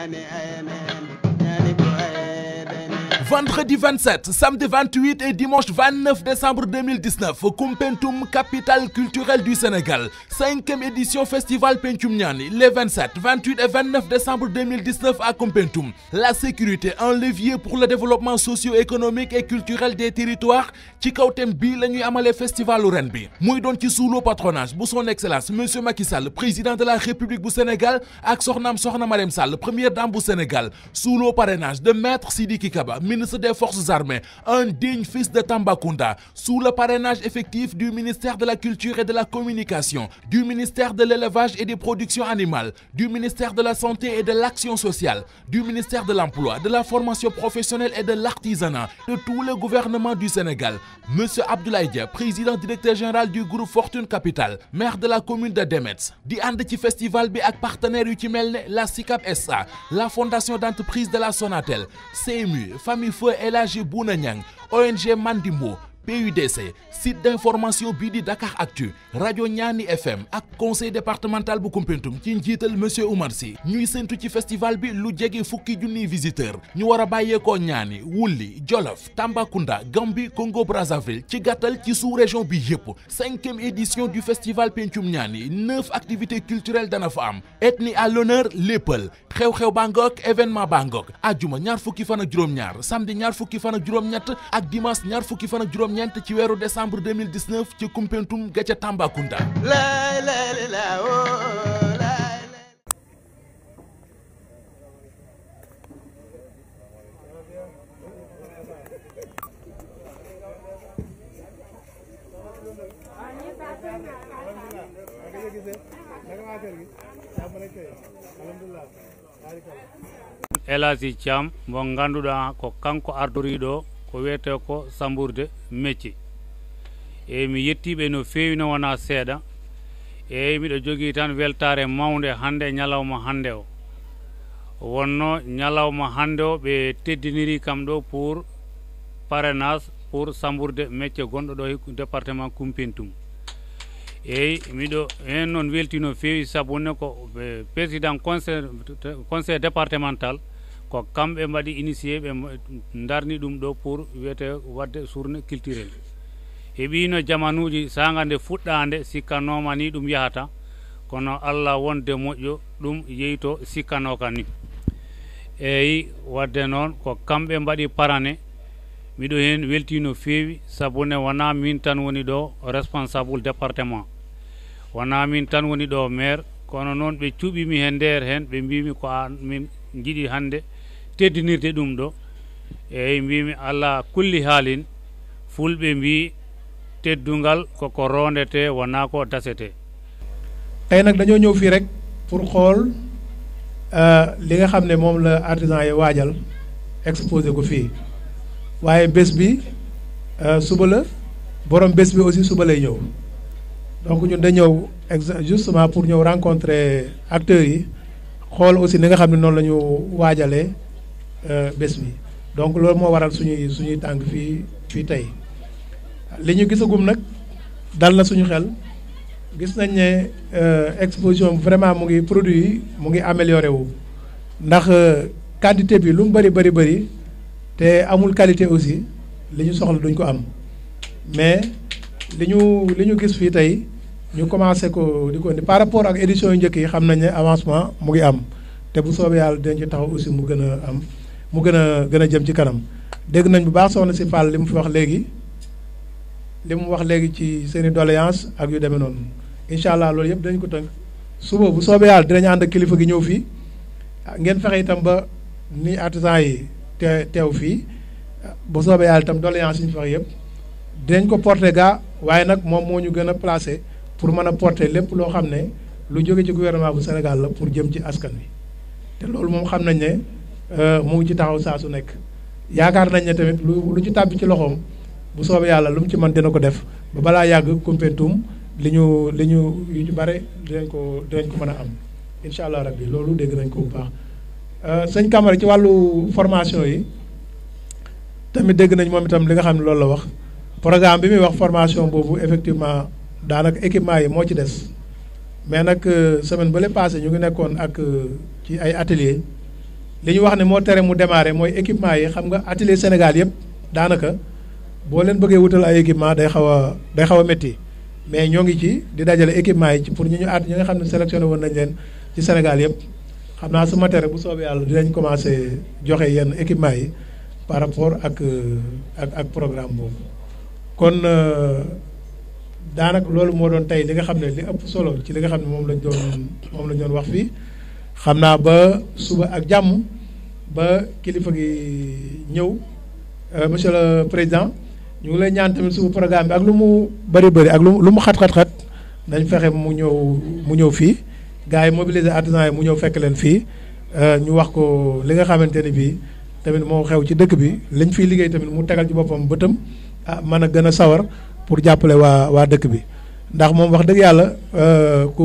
amen, amen. vendredi 27 samedi 28 et dimanche 29 décembre 2019 Kumpentum, capitale culturelle du Sénégal 5e édition festival Pentium Niani, les 27 28 et 29 décembre 2019 à Kumpentum. la sécurité un levier pour le développement socio-économique et culturel des territoires ci la nuit festivalu ren bi sous le patronage de son excellence monsieur Macky Sall président de la République du Sénégal ak soxnaam soxna Sall première dame du Sénégal sous le parrainage de maître Sidiki Kaba ministre des Forces armées, un digne fils de Tambacounda, sous le parrainage effectif du ministère de la Culture et de la Communication, du ministère de l'Élevage et des Productions Animales, du ministère de la Santé et de l'Action Sociale, du ministère de l'Emploi, de la Formation Professionnelle et de l'Artisanat, de tout le gouvernement du Sénégal. Monsieur Abdoulaye Dia, président directeur général du groupe Fortune Capital, maire de la commune de Demetz, di Andeti festival bi partenaire partenaires la SICAP SA, la Fondation d'entreprise de la Sonatel, CMU, famille muy feu El Hadji Bouna Niang ONG Mandimbo PUDC site d'information Bidi Dakar Actu Radio NYANI FM ak conseil départemental bu Pentum ci M. monsieur Oumar Sy ñuy séntu ci festival bi lu jege fukki visiteur ñu wara a ko Ñaani Wulli Jolof Tambacounda Gambie Congo Brazzaville ci gàttal ci sous-région bi yépp 5e édition du festival Pentum Nyani. 9 activités culturelles dana fa am ethnie à l'honneur léppal xew-xew Bangok événement Bangok Adjuman ñaar fukki fan ak ñaar samedi ñaar fukki fan ak ak dimanche juróom-ñeent ci weeru décembre 2019 ci Koumpentoum ga ca Tambacounda elasi cam mo ganduɗa ko kanko ardoriɗo ko wiyete ko sambourde métier eyyi mi yettiɓe no fewi no wona seeɗa eyyi mbiɗo jogui tan weltare mawde hande e ñalawma hande o wonno ñalawma hande o ɓe teddiniri kam ɗo pour parénage pour sambourde métier gonɗo ɗo département cumpintum eyyi mbiɗo hen noon welti no fewi sabu ne ko eh, président conseil conseil départemental ko kamɓe mbaɗi initié ɓe darni ɗum ɗo pour wiyete wadde surne culturel heɓino jamanuji saga nde fuɗɗade sikkanoma ni ɗum yahata kono allah wonde moƴƴo ɗum yeyto sikkanoka ni eyi wadde noon ko kamɓe mbaɗi parane miɗo hen welti no fewi saabu ne wona min tan woni ɗo responsable département wona min tan woni ɗo maire kono noon ɓe cuuɓimi hen nder hen ɓe mbimi ko a min jiɗi hande teddinirde ɗum ɗo eyi mbimi ala kulli haalin fulɓe mbi teddungal koko rondete wona ko dasete tey nag dañoo ñëw fii rek pour xool euh, li nga xam ne moom la artisan yi waajal exposé ko fii waaye bés bi euh, suba la borom bés bi aussi suba lay ñëw donc ñun da ñëw justement pour ñëw rencontrer acteurs yi xool aussi li nga xam ne noonu la ñu waajalee Euh, bés bi donc loolu moo waral suñuy suñuy tànk fii fii tey li ñu gisagum nag dal na suñu xel gis nañ ne euh, exposition vraiment mu ngi produit yi mu ngi amélioré wu ndax euh, quantité bi lu mu bëri bëri bëri te amul qualité aussi li ñu soxla duñ ko am mais li ñu li ñu gis fii tey ñu commencé ko di ko indi par rapport ak édition yu njëkk yi xam nañ ne avancement mu ngi am te bu soobee yàlla dañ ci taxaw aussi mu gën a am mu gën a gën a jëm ci kanam dégg nañ bu baax soxna si Fall li mu fi wax léegi li mu wax léegi ci seen i doléance ak yu demee noonu incha allah loolu yëpp dañ ko tënk suba bu soobee yàlla dinañ ànd ak kilifa gi ñëw fii ah, ngeen fexe itam ba ni artisan yi te teew fii bu soobee yàlla itam doléance yi ñu fexe yëpp dinañ ko porté gaa waaye nag moom moo ñu gën a placé pour mën a porté lépp loo xam ne lu jóge ci gouvernement bu Sénégal la pour jëm ci askan wi te loolu moom xam nañ ne. Euh, mu ngi ci taxaw saa su nekk yaakaar nañ ne tamit lu lu ci tàbbi ci loxoom bu soobee yàlla lu mu ci man dina ko def ba balaa yàgg Koumpentoum li ñu li ñu yu ñu bare dinañ ko dinañ ko mën a am incha allah rabbi loolu dégg nañ ko bu baax. Euh, sëñ Camara ci wàllu formation yi tamit dégg nañ moom itam li nga xam ne loolu la wax programme bi muy wax formation boobu effectivement daanaka équipement yi moo ci des mais nag euh, semaine ba le passé ñu ngi nekkoon ak ci ay atelier li ñu wax ne moo tere mu démarré mooy équipement yi xam nga atelier Sénégal yëpp daanaka boo leen bëggee wutal ay équipement day xaw a day xaw a métti mais ñoo ngi ci di dajale équipement yi pour ñu ñu at ñi nga xam ne sélectionné woon nañ leen ci Sénégal yëpp xam naa su ma tere bu soobee yàlla dinañ commencé joxe yenn équipement yi par rapport ak euh, ak ak programme boobu kon euh, daanaka loolu moo doon tey li nga xam ne li ëpp solo ci li nga xam ne moom lañ doon moom lañ doon wax fii xam naa ba suba ak jàmm ba kilifa gi ñëw euh, monsieur le président ñu ngi lay ñaan tamit suba programme bi ak lu mu bëri bëri ak lu mu xat-xat-xat nañ fexe mu ñëw mu ñëw fii gars yi mobiliser artisans yi mu ñëw fekk leen fii euh, ñu wax ko li nga xamante ni bii tamit moo xew ci dëkk bi lañ fiy liggéey tamit mu tegal ci boppam bëtam ah mën a gën a sawar pour jàppale waa waa dëkk bi ndax moom wax dëgg yàlla euh, ku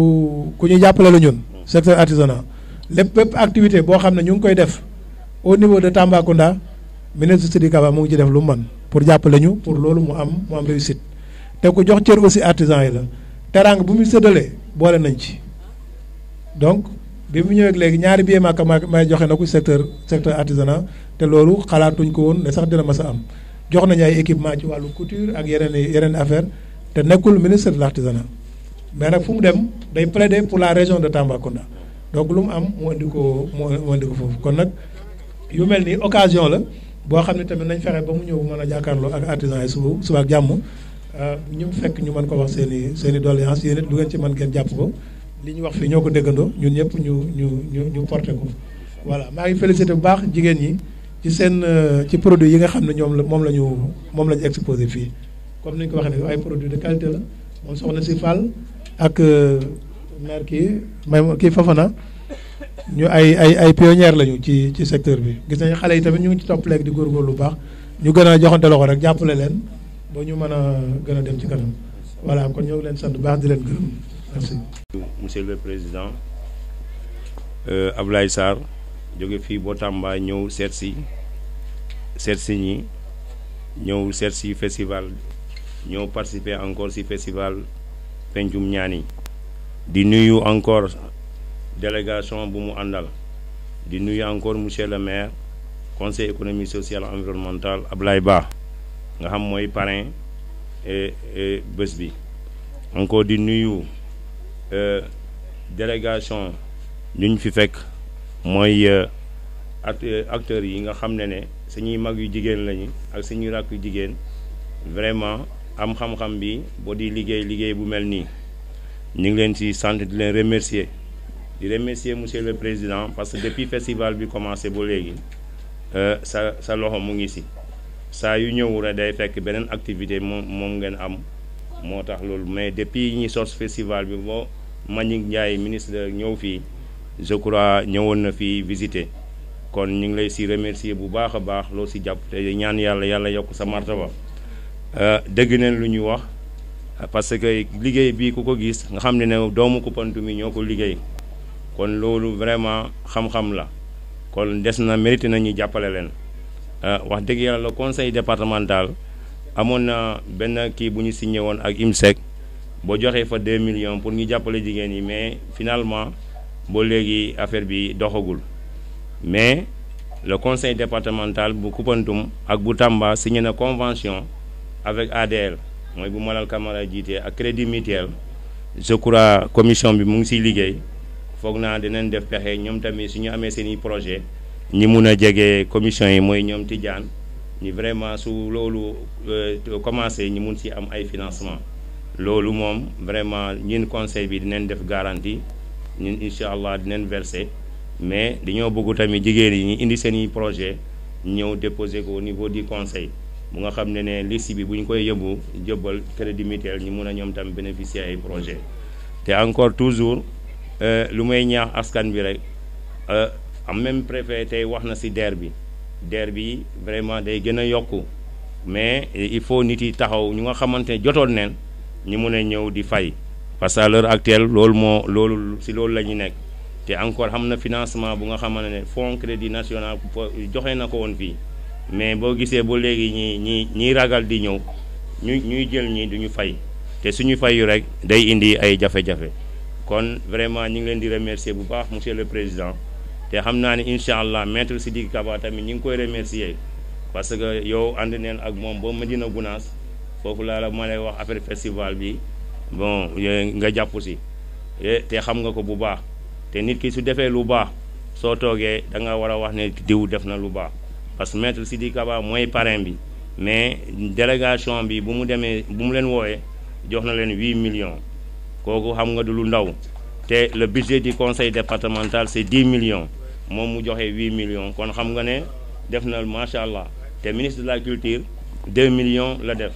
ku ñu jàppale la ñun secteur artisanat lépp bépp activité boo xam ne ñu ngi koy def au niveau de Tambacounda ministre Sidiki Kaba mu ngi ci def lu mu man pour jàppale ñu pour loolu mu am mu am réussite te ku jox cër aussi artisan yi la teraanga bu mu séddalee boole nañ ci donc bi mu ñëwee léegi ñaari billets maaka may joxe na ko secteur secteur artisanat te loolu xalaatuñ ko woon ne sax dina ma a am jox nañu ay équipement ci wàllu couture ak yeneen yeneen affaire te nekkul ministre de l'artisanat mais nag fu mu dem day plaider pour la région de Tambacounda. donc lu mu am mu andi ko mu andi ko foofu kon nag yu mel nii occasion la boo xam ne tamit nañ fexe ba mu ñëw mën a jàkkaarloo ak artisans yi suba suba ak jàmm euh, ñu fekk ñu mën ko wax seen i seen i doléance yéen it lu ngeen ci man ngeen jàpp ko li ñu wax fii ñoo ko déggandoo ñun ñëpp ñu ñu ñu ñu porté ko. voilà maa ngi félicité bu baax jigéen ñi ci seen euh, ci produit yi nga xam ne ñoom la moom la ñu moom la exposé fii comme ni ñu ko waxee ne ay produits de qualité la moom soxna si Fall ak. Euh, maire kii may kii Fafana ñu ay ay ay pionnière lañu ci ci secteur bi gis nañu xale yi tamit ñu ngi ci topp léegi di góorgóorlu bu baax ñu gën a joxante loxo rek jàppale leen ba ñu mën a gën a dem ci kanam voilà kon ñoo ngi leen sant baax di leen gërëm merci. monsieur le président euh, Ablaye Sarr jóge fii boo Tamba ñëw seet si seet si ñi ñëw seet si festival ñëw participer encore si festival pencum ñaan yi di encore délégation bu mu Andal, di encore monsieur le maire conseil économique social environnemental Ablaye Ba nga xam mooy encore di nuyu euh, délégation ñu fi fekk euh, euh, acteurs yi nga xam ne vraiment am xam-xam bi ñu ngi leen ci sant di leen remercier di remercier monsieur le président parce que depuis festival bi commencé ba léegi euh, sa sa loxo mu ngi ci saa yu ñëw rek day fekk beneen activité moom moom ngeen am moo tax loolu mais depuis ñi sos festival bi boo Mbagnick Ndiaye ministre ñëw fii je crois ñëwoon na fii visiter kon ñu ngi lay ci remercier bu baax a baax loo ci jàpp te ñaan yàlla yàlla yokk sa martaba euh, dégg neen lu ñu wax parce que liggéey bi ku ko gis nga xam ne ne doomu Koupantoumi ñoo ko liggéey kon loolu vraiment xam-xam la kon des na mérité nañu ñu jàppale leen euh, wax dëgg yàlla conseil départemental amoon na benn kii bu ñu signé woon ak IMSEC bo joxee fa 2 millions pour ñu jàppale jigéen yi mais finalement ba léegi affaire bi doxagul mais le conseil départemental bu kuppantum ak bu Tamba signé na convention avec ADL moy bu Malal Camara jité ak crédit mutuel je crois commission bi mu ngi siy def ñom tamit suñu commission yi vraiment su lolu euh, commencé ñi mun si am ay financement lolu un vraiment conseil bi dinañ def garantie ñin inshallah dinañ verser mais nous avons tamit jigéen yi indi projet au niveau du conseil bu nga xam ne ne liste bi bu ñu koy yóbbu jëbbal crédit mutuel ñi mun a ñoom tam bénéficier ay projet te encore toujours euh, lu may ñaax askan bi rek euh, am même préfet tey wax na si DER bi DER bi vraiment day gën a yokku mais il faut nit yi taxaw ñu nga xamante ne jotoon neen ñu mun a ñëw di fay parce que à actuelle loolu moo loolu si loolu la ñu nekk te encore xam na financement bu nga xamante ne fonds crédit national joxe na ko woon fii mais boo gisee ba léegi ñi ñi ñiy ragal di ñëw ñu ñuy jël ñi duñu fay te suñu yu rek day indi ay jafe-jafe kon vraiment ñu ngi leen di remercier bu baax monsieur le président te xam naa ni incha allah si Sidiki Kaba tamit ñu ngi koy remercier parce que yow ànd neen ak moom ba Medina Gounass foofu laa la ma lay wax affaire festival bi bon nga jàpp si te xam nga ko bu baax te nit ki su defee lu baax soo toogee da nga war a wax ne diw def na lu baax parce que maître Sidi Kaba moy parrain bi mais délégation bi bu mu démé bu len woyé jox na len 8 millions koku xam nga du lu ndaw té le budget du conseil départemental c'est 10 millions mom mu joxé 8 millions kon xam nga né def machallah té ministre de la culture 2 millions la def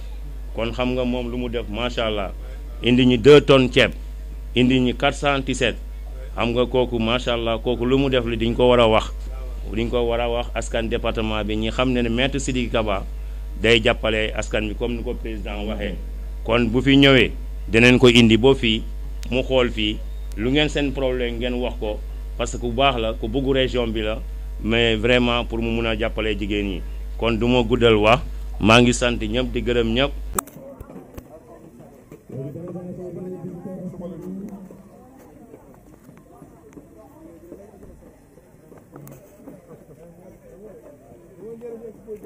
kon xam nga mom lu mu def machallah indi ñu 2 tonnes ciép indi ñu 417 xam nga koku machallah koku lu mu def li diñ ko wara wax li ñu ko war a wax askan département bi ñi xam ne ne maître di Kaba day jàppale askan bi comme nu ko président waxee kon bu fi ñëwee dinañ ko indi boo fii mu xool fii lu ngeen seen problème ngeen wax ko parce que bu baax la ku bëggu région bi la mais vraiment pour mu mun a jàppale jigéen ñi kon du ma guddal wax maa ngi sant ñëpp di gërëm ñëpp Enggak,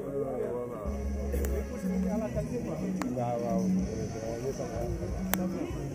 enggak, enggak, enggak,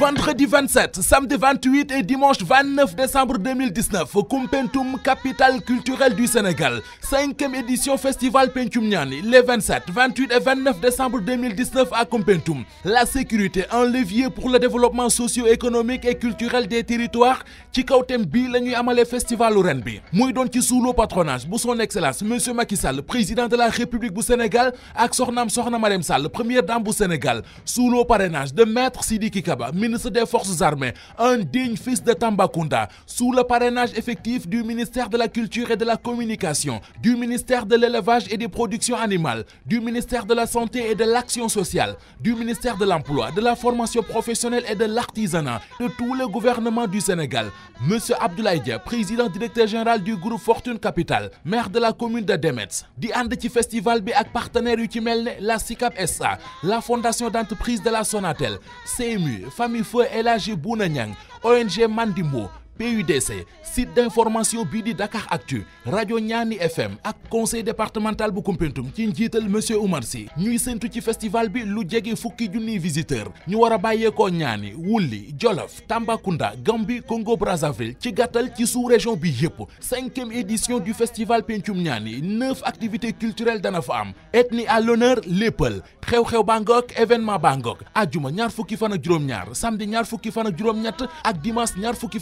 vendredi 27 samedi 28 et dimanche 29 décembre 2019 Kumpentum, capitale culturelle du Sénégal cinquième édition festival Pencum les 27 28 et 29 décembre 2019 à Kumpentum. la sécurité un levier pour le développement socio-économique et culturel des territoires ci la nuit festivalu le patronage de son excellence monsieur Macky Sall président de la République du Sénégal ak le soxna première dame du Sénégal sous le parrainage de maître Sidi Kikaba ministre des Forces armées, un digne fils de Tambacounda, sous le parrainage effectif du ministère de la Culture et de la Communication, du ministère de l'Élevage et des Productions Animales, du ministère de la Santé et de l'Action Sociale, du ministère de l'Emploi, de la Formation Professionnelle et de l'Artisanat, de tout le gouvernement du Sénégal. Monsieur Abdoulaye Dia, président directeur général du groupe Fortune Capital, maire de la commune de Demetz, di Andeti festival B partenaire partenaire la SICAP SA, la Fondation d'entreprise de la Sonatel, CMU, famille Khalifa El Hadji Bouna Niang ONG Mandimbo PUDC site d'information BIDI Dakar Actu radio nyani FM ak conseil départemental bu qui ci njiital monsieur Oumar Sy ñuy séntu ci festival bi lu jege fukki junniy visiteur ñu wara a ko Ñaani Wulli Jolof Tambacounda Gambie Congo Brazzaville ci gàttal ci sous-région bi 5 cinquième édition du festival pentum nyani neuf activités culturelles dana fa am ethnie à l'honneur Lepel, xew-xew Bangok événement bangkok ajjuma ñaar fukki fan ak ñaar samedi ñaar fukki fan ak ak dimanche ñaar fukki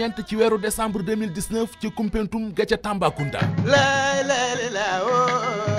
ñeent ci weeru décembre 2019 ci Koumpentoum ga ca Tambacounda. Oh.